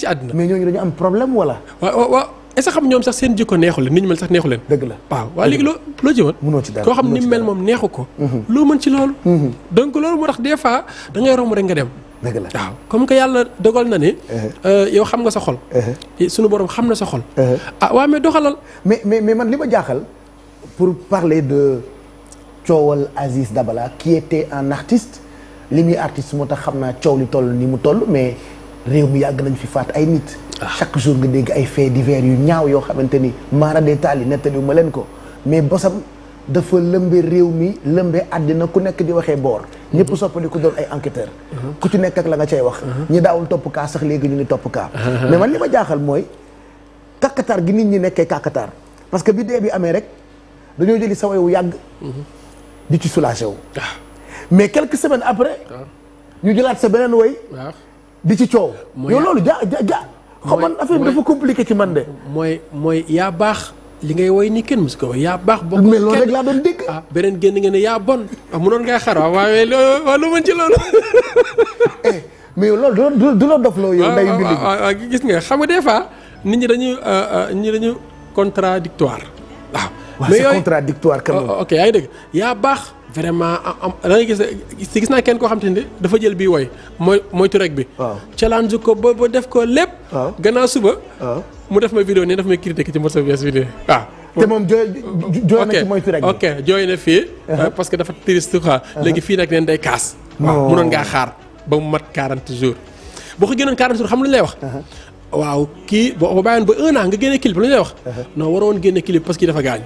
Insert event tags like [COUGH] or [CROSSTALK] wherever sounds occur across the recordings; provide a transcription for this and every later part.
ci àdduna mais ñooñu dañu am problème wala. waaw waaw est-ce xam ñoom sax seen jikko neexu leen ni ñu mel sax neexu leen. dëgg la waaw waaw léegi loo loo ci mën. mënoo ci dara koo xam ni mel moom neexu ko. Mhm. loo mën ci loolu. Mhm. donc loolu moo tax des fois da ngay romb rek nga dem. dëgg la waaw comme que yàlla dogal na ne. Mhm. Euh, yow xam nga sa xol. suñu borom xam na sa xol. ah mais doxalal. mais mais mais man li ma jaaxal pour parler de coowal Aziz Dabala qui était un artiste li muy artiste moo tax xam naa coow li toll ni mu toll mais. réew mi yàgg nañu fi faat ay nit. Ah. chaque jour nga dégg ay faits divers yu ñaaw yoo xamante ni maara détail yi nettaliwu ma leen ko mais bosam dafa lëmbe réew mi lëmbe àddina ku nekk di waxee boor. Mhm. ñëpp soppali ku doon ay enquêteur mhm. ku ci nekk ak la nga cay wax. Mhm. ñi daawul topp kaa sax léegi ñu ngi topp kaa. mais man li ma jaaxal mooy kàkkatar gi nit ñi nekkee kàkkatar parce que bi dee bi amee rek dañoo jëli sa wu yàgg. di ci soulagé wu. Ah. mais quelques semaines après. Ah. ñu jëlaat sa beneen woy di ci coow. mooy yow loolu ja ja ja. xam man affaire bi dafa compliqué ci man de. mooy mooy yaa baax li ngay woy ni kenn mos ko woy yaa baax. bokk mais loolu laa doon dégg. Ah, beneen génn nga ne yaa bon. ah munoon ngaa xar waaw waaye waaw loolu. [LAUGHS] Eh, mais yow loolu du du la dof loo yow. ndayu bi léegi gis nga xam nga des fois nit ñi dañuy euh, euh, nit ñi dañuy contradictoire waaw. mais yooyu waaw c'est contradictoire quand oh, ok yaa ngi yaa baax. vraiment am da gis si gis naa kenn koo xam te ne dafa jël bii woy mooy moytu rek bi. waaw challenge ko ba ba def ko lépp. waaw suba. mu def ma vidéo nii daf may critiqué ci morceau bi bi waaw. te moom jooy jooy na ci moytu rek ok jooy na fii. Uh-huh. Euh, parce que dafa triste quoi. Uh-huh. fii nag neen day kaas. ngaa xaar ba mu mat 40 jours. boo ko génnoon 40 jours xam lu lay wax. Uh-huh. waaw kii boo bàyyoon ba un an nga génne clip lu lay wax. non waroon génne clip parce que dafa gaañ.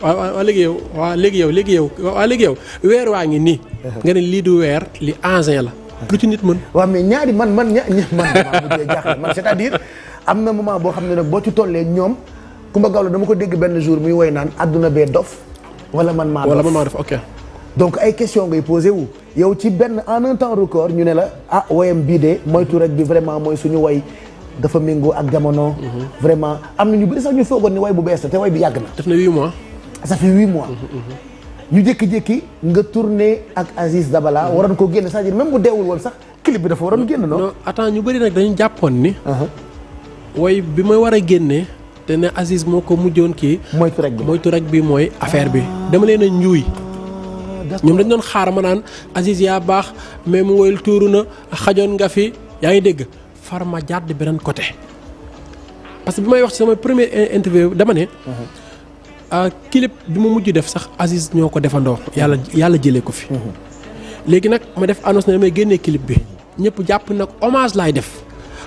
waaw waaw léegi yow waaw léegi yow léegi yow waaw léegi yow weer waa ngi nii. [LAUGHS] nga ne lii du weer li engin la. lu ci nit mën. waaw mais ñaari man man ña man damaa mujjee jaaxle man c'est-à-dire am na moment boo xam ne nag boo ci tollee ñoom Kumba Gawlo dama ko dégg benn jour muy woy naan àdduna bee dof. wala man maa dof wala man maa dof ok. donc ay question ngay posé wu yow ci benn en un temps record ñu ne la ah woyam bii de moytu rek bi vraiment mooy suñu woy dafa méngoo ak jamono. Mhm. vraiment am na ñu bëri sax ñu foogoon ni woy bu bees la te woy bi yàgg na. def na huit mois. ça fait huit ñu jékki-jékki nga tourné ak Aziz Dabala. waroon ko génn c'est-à-dire même bu deewul woon sax clip bi dafa waroon génn noonu. non ñu bëri nag dañu jàppoon ni. Uh-huh. way bi may war a génnee. te ne Aziz moo ko mujjoon kii. moytu rek bi moytu rek mooy affaire bi. dama leen a njuuy. ñoom dañ doon xaar ma naan Aziz yaa baax mais mu woyul tuuru na xajoon nga fi yaa ngi dégg far ma jàdd beneen côté. parce que bi may wax ci sama première interview dama ne. Uh-huh. Euh, clip bi ma mujj def sax Aziz ñoo ko defandoo yàlla yàlla jëlee ko fi. Mhm. léegi nag ma def annonce ne damay génne clip bi ñëpp jàpp nag hommage laay def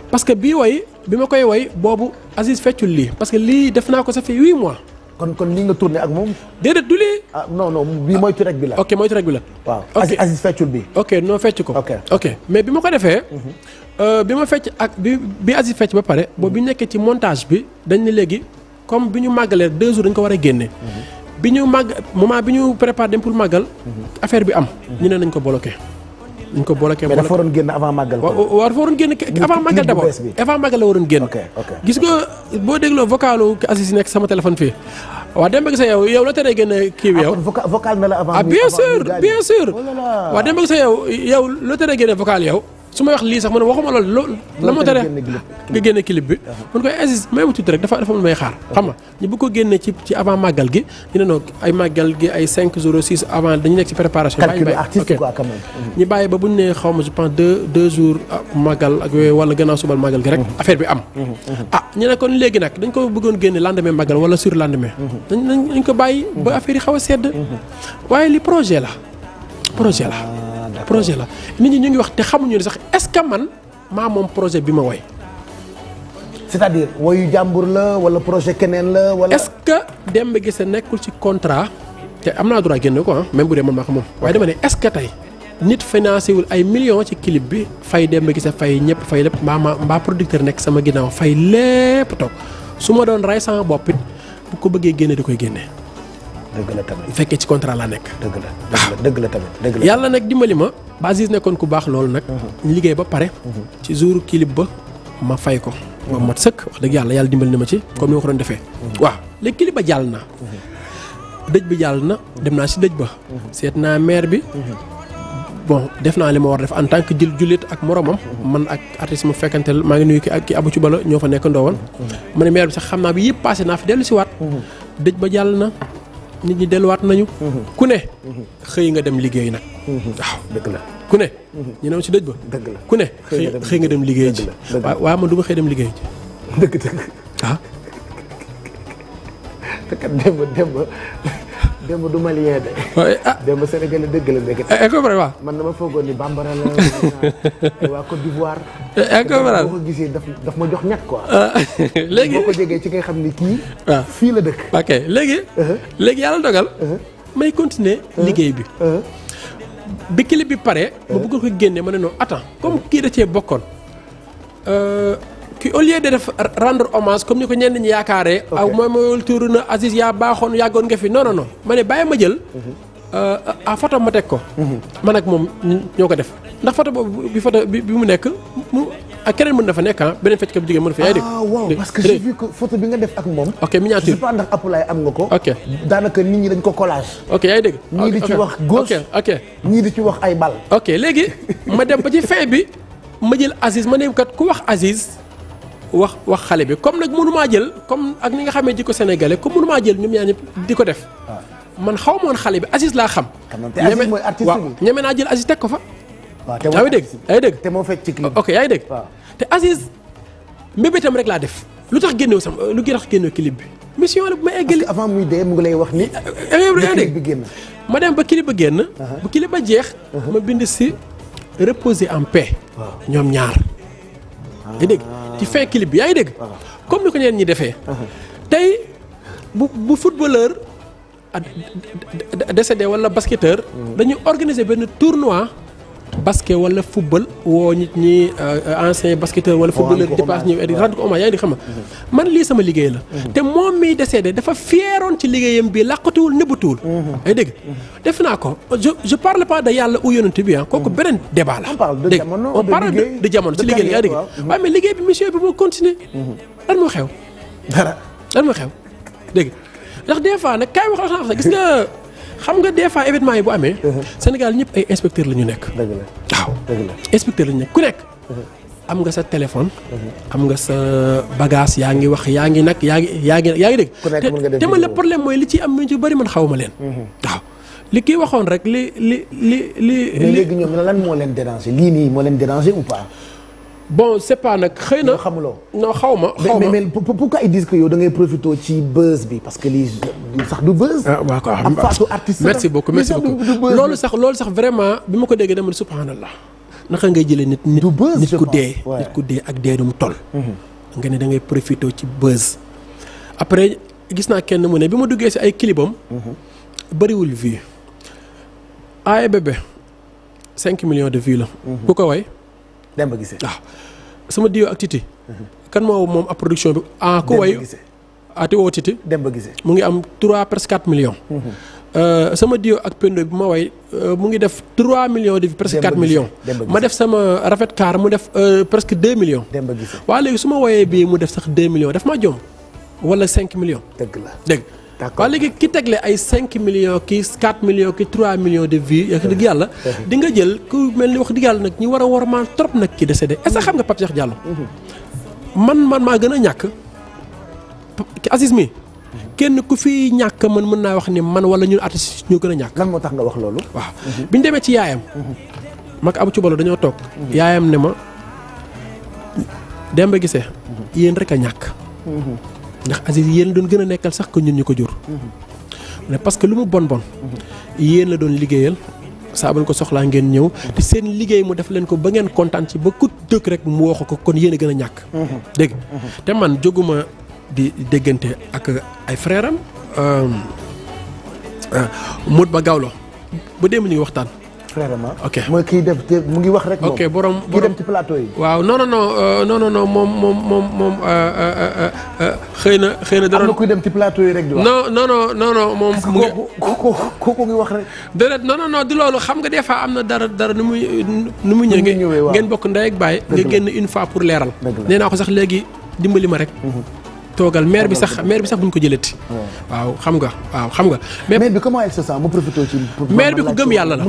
parce que bii woy bi ma koy woy boobu Aziz feccul lii parce que lii def naa ko sa fait huit mois. kon kon lii nga tourné ak moom. déedéet du lii. Ah, mooy track bi la. ok mooy track bi la. waaw Aziz feccul bi. ok noo fecc ko. ok ok mais bi ma ko defee. Mhm. Euh, bi ma fecc ak bi bi Aziz fecc ba pare. boobu bi nekkee ci montage bi dañ ne léegi. comme bi ñu màggalee deux jours dañ ko war a génne. bi ñu màgg moment bi ñu préparé dem pour màggal. affaire bi am. ñu ne nañ ko bloqué. nañ ko bloqué mais dafa waroon génn avant màggal. waaw waaw dafa waroon génn avant màggal d'abord avant màggal la waroon génn. gis nga boo dégloo vocalu Aziz nekk sama téléphone fii. waa dem ba gis yow yow la teree gën a kii yow ah, vocal na la avant. ah bien sûr bien oh sûr. waa dem ba gis yow yow la teree gën a vocal yow. su may wax lii sax man waxuma loolu loolu la ma tere nga génne clip bi mun koy Aziz may ma tuuti rek dafa dafa may xaar xam nga ñu bëgg ko génne ci ci avant màggal gi ñu ne ay màggal gi ay 5 jours 6 avant dañu nekk ci préparation mhm. ñu bàyyi ba bu ne xaw ma je pense deux deux jours ah, màggal ak yooyu wala gannaaw subal màggal gi rek mhm. affaire bi am mhm. ah ñu ne kon léegi nag dañ ko bëggoon génne lendemain màggal wala sur lendemain dañ dañ ko bàyyi ba affaire yi xaw a sedd waaye li projet la projet la ah. projet la nit ñi ñu ngi wax te xamuñu ne sax est-ce que man maa moom projet bi ma woy c'est-à-dire woyu jàmbur la wala projet keneen la wala. est-ce que Demba nekkul ci contrat te am naa droit génne ko ah même bu dee man maa ko moom waaye dama ne est-ce que tey nit financé wul ay million ci clip bi fay gi sa fay ñëpp fay lépp mbaa ma mbaa producteur nekk sama ginnaaw fay lépp toog su ma doon rey sama bopp bu ko bëggee génne di koy génne. dëgg la tamit bu fekkee ci contrat laa nekk. dëgg la dëgg ah. la tamit dëgg yàlla nag dimbali ma. Aziz nekkoon ku baax loolu nag. Mhm. ñu liggéey ba pare. Mhm. ci jour clip ba ma fay ko. ma mhm. mat sëkk wax dëgg yàlla yàlla dimbali na ma ci. comme ni ma ko doon defee. waaw léegi clip ba jàll na. dëj bi jàll na dem naa si dëj ba. seet naa maire bi. bon def naa li ma war def en tant que jël jullit ak moromam. man ak artiste mu fekkanteel maa ngi nuyu ki abu ci bala ñoo fa nekk ndoowoon. ma ne maire bi sax xam naa bi yëpp passé nit ñi delluwaat nañu. Mhm. ku ne. Mhm. xëy nga dem liggéey nag. Mhm. ku ne. ñu ci dëj ba. ku ne xëy nga dem liggéey ji. dëgg man du ma xëy dem liggéey ji. [LAUGHS] dëgg dëgg ah. te démb du malien de. Eh, ah démb a dëgg la nekk. Eh, eh, incomprable man na ma foogoon ni bambara la [LAUGHS] waa Côte d'Ivoire. incomprable boo ko gisee daf daf ma jox ñàkk quoi. Ah, [LAUGHS] léegi boo ko ngay xam ni kii. waaw ah. fii la dëkk. ok léegi. Uh-huh. léegi yàlla dogal. Uh-huh. may continuer uh-huh. liggéey bi. bi clip bi pare. ma bëgg ko génne ma ne non attends comme kii da cee bokkoon. Euh, ki au lieu de def rendre hommage comme ni ko ñenn ñi yaakaaree. aw mooy mooyul tuuru na Aziz yaa baaxoon yàggoon nga fi non non non ma ne bàyyi ma jël. ah ma mhm. ak moom ñoo ko def ndax photo boobu bi photo bi mu mu nekk ah beneen fecc bu jigéen mën na fa. yaay ah, dégg parce que j'ai vu que photo bi nga ñi dañ ko collage. ok yaay dégg. ñii wax gauche di ci wax ay bal. ok léegi ma dem ba ci bi ma jël Aziz ma ne kat ku wax Aziz. wax wax xale bi comme nag mënumaa jël comme ak ni nga xamee di ko sénégalais comme mënumaa jël ñoom ñaar ñëpp di ko def. Ah. man xaw ma woon xale bi Aziz laa xam. te Aziz mooy artiste ñeme naa jël Aziz teg ko fa. waaw te yaa te moo fekk ci clip ok yaa ngi te Aziz mbébétam rek laa def. lu tax génneew sam lu tax génneew clip bi mission la bu may eggali. avant muy dee mu ngi lay wax ni. Eh, eh, eh, génn ma dem ba clip ba génn. Uh-huh. bu clip ba jeex. Uh-huh. ma bind si reposer en paix. ñoom ñaar. Ah. yaa dégg ci fin clip bi yaa ngi dégg. comme ni ko neen ñi defee. tey bu bu footballeur décédé wala basketteur. Hmm. dañuy organiser benn tournoi. basket wala football woo nit ñi euh, ancien basketteur wala footballeur di passe ñëw di rendre ko hommage yaa ngi di xama mhm. man lii sama liggéey la mhm. te moom miy décédé dafa fieroon ci liggéeyam bi làqatuwul nëbbatuwul mhm. ay dégg def naa ko je je parle pas de yàlla ou yonent bi ah kooku beneen débat la dégg on parle de jamono ci liggéey la yaa dégg waaye mais liggéey bi mission bi moo continuer lan moo xew lan moo xew dégg ndax des nag kaay wax la sax gis xam nga des fois événement yi bu amee. Mhm. Sénégal ñëpp ay inspecteur la ñu nekk. dëgg la waaw inspecteur la ñu nekk ku nekk. Mhm. am nga sa téléphone. Mhm. am nga sa bagage yaa ngi wax yaa ngi nag yaa ngi yaa ngi yaa ngi dégg. te man le problème mooy li ci am ñu ci bëri man xaw ma leen. waaw li kii waxoon rek li li li li. li léegi ñoom lan moo leen déranger lii nii moo leen déranger ou pas. bon c'est nag xëy na xamuloo non xaw ma xaw ma mais pourquoi ils disent que yow da ngay profité ci buzz bi parce que lii sax du buzz. Ah, waaw quoi am faatu artiste merci beaucoup merci beaucoup loolu sax loolu sax vraiment bi ma ko déggee dama ne subhanallah naka ngay jëlee nit nit nit ku dee nit ku dee ak dee du mu toll mhm. nga ne da ngay profité ci buzz après gis naa kenn mu ne bi ma duggee si ay kilibam mhm. bëriwul vue ay bébé cinq millions de vues la mhm. ku ko way Demba Guissé waaw ah, sama diwo ak Titi. Mhm. kan moo moom ab production bi. ah ku way ati ah, woo Titi. mu ngi am trois presque 4 millions. Mhm. Euh, sama diwo ak Pendo bi ma way euh, mu ngi def 3 millions de vues presque 4 millions. ma def sama rafet kaar mu def euh, presque deux millions. Demba Guissé waaw léegi su ma wooyee bii mu def sax 2 millions daf maa jom wala cinq millions. dëgg la dëgg. d'accord waaw léegi ki tegle ay 5 millions ki 4 millions ki 3 millions de vues. dëgg yàlla [LAUGHS] dinga jël ku mel ni wax dëgg yàlla nag ñu war a wormaal trop nag ki décédé est-ce que mm. xam nga Pape Cheikh Diallo. Mm-hmm. man man maa gën a ñàkk ki Aziz mi. Mm-hmm. kenn ku fi ñàkk man mën naa wax ni man wala ñu artistes ñoo gën a ñàkk. lan moo tax nga wax loolu. waaw mm-hmm. bi ñu demee ci yaayam. mag Abou Cubalo dañoo toog. yaayam ne ma. Demba gise yéen rek a ñàkk. ndax Aziz yéen la doon gën a nekkal sax ko ñun ñu ko jur. ne parce que lu mu bon bon. yéen la doon liggéeyal saa buñ ko soxlaa ngeen ñëw. te seen liggéey mu def leen ko ba ngeen kontaan ci ba ku dëkk rek mu wax ko kon yéen a gën a ñàkk. dégg te man joguma di déggante ak ay frères am. Euh, euh, ba Gawlo ba démb ñu ngi waxtaan. frère ma. ok mooy kiy def te mu ngi wax rek. ok borom borom kii dem ci plateau yi. waaw non non non euh, non non moom moom moom moom euh, euh, xëy na xëy na. dara am na kuy dem ci plateau yi rek di wax. non moom. mu ngi kooku kooku wax rek. déedéet non non non di loolu xam nga des fois am na dara dara nu muy nu muy ñëwee. ngeen bokk ndey ak baay. nga génn une fois pour leeral. nee naa ko sax léegi dimbali ma rek. Mm-hmm. toogal maire bi sax maire bi sax buñ ko jëlati waaw xam nga waaw xam nga maire bi comment elle se sent mu ku gëm yàlla la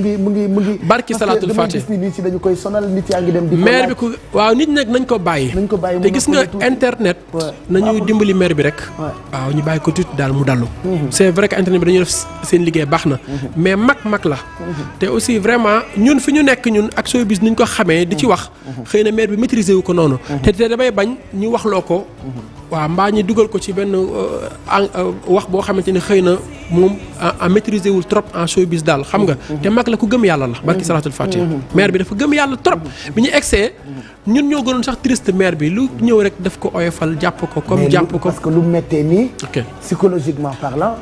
barki salaatul faatih ni koy sonal nit yaa ngi dem di maire bi ku waaw nit nag nañ ko bàyyi te gis nga internet nañu dimbali maire bi rek waaw ñu bàyyi ko tuuti daal mu dallu mm-hmm. c'est vrai que internet bi dañu def seen liggéey baax na mm-hmm. mais mag mag la mm-hmm. te aussi vraiment ñun fi ñu nekk ñun ak showbiz niñ ko xamee di ci wax xëy na maire bi maîtriser wu ko noonu te te damay bañ ñu waxloo waaw mbaa ñi dugal ko ci benn euh, euh, wax boo xamante ne xëy na moom en maîtriser wul trop en showbiz daal xam nga. Mm-hmm. te mag la ku gëm yàlla la. barki mm-hmm. salaatul fatiha mm-hmm. maire bi dafa gëm yàlla trop. bi ñu egsee ñun ñoo gënoon sax triste maire bi lu ñëw rek daf ko oyofal jàpp ko. comme jàpp ko parce que lu méttee nii. psychologiquement parlant.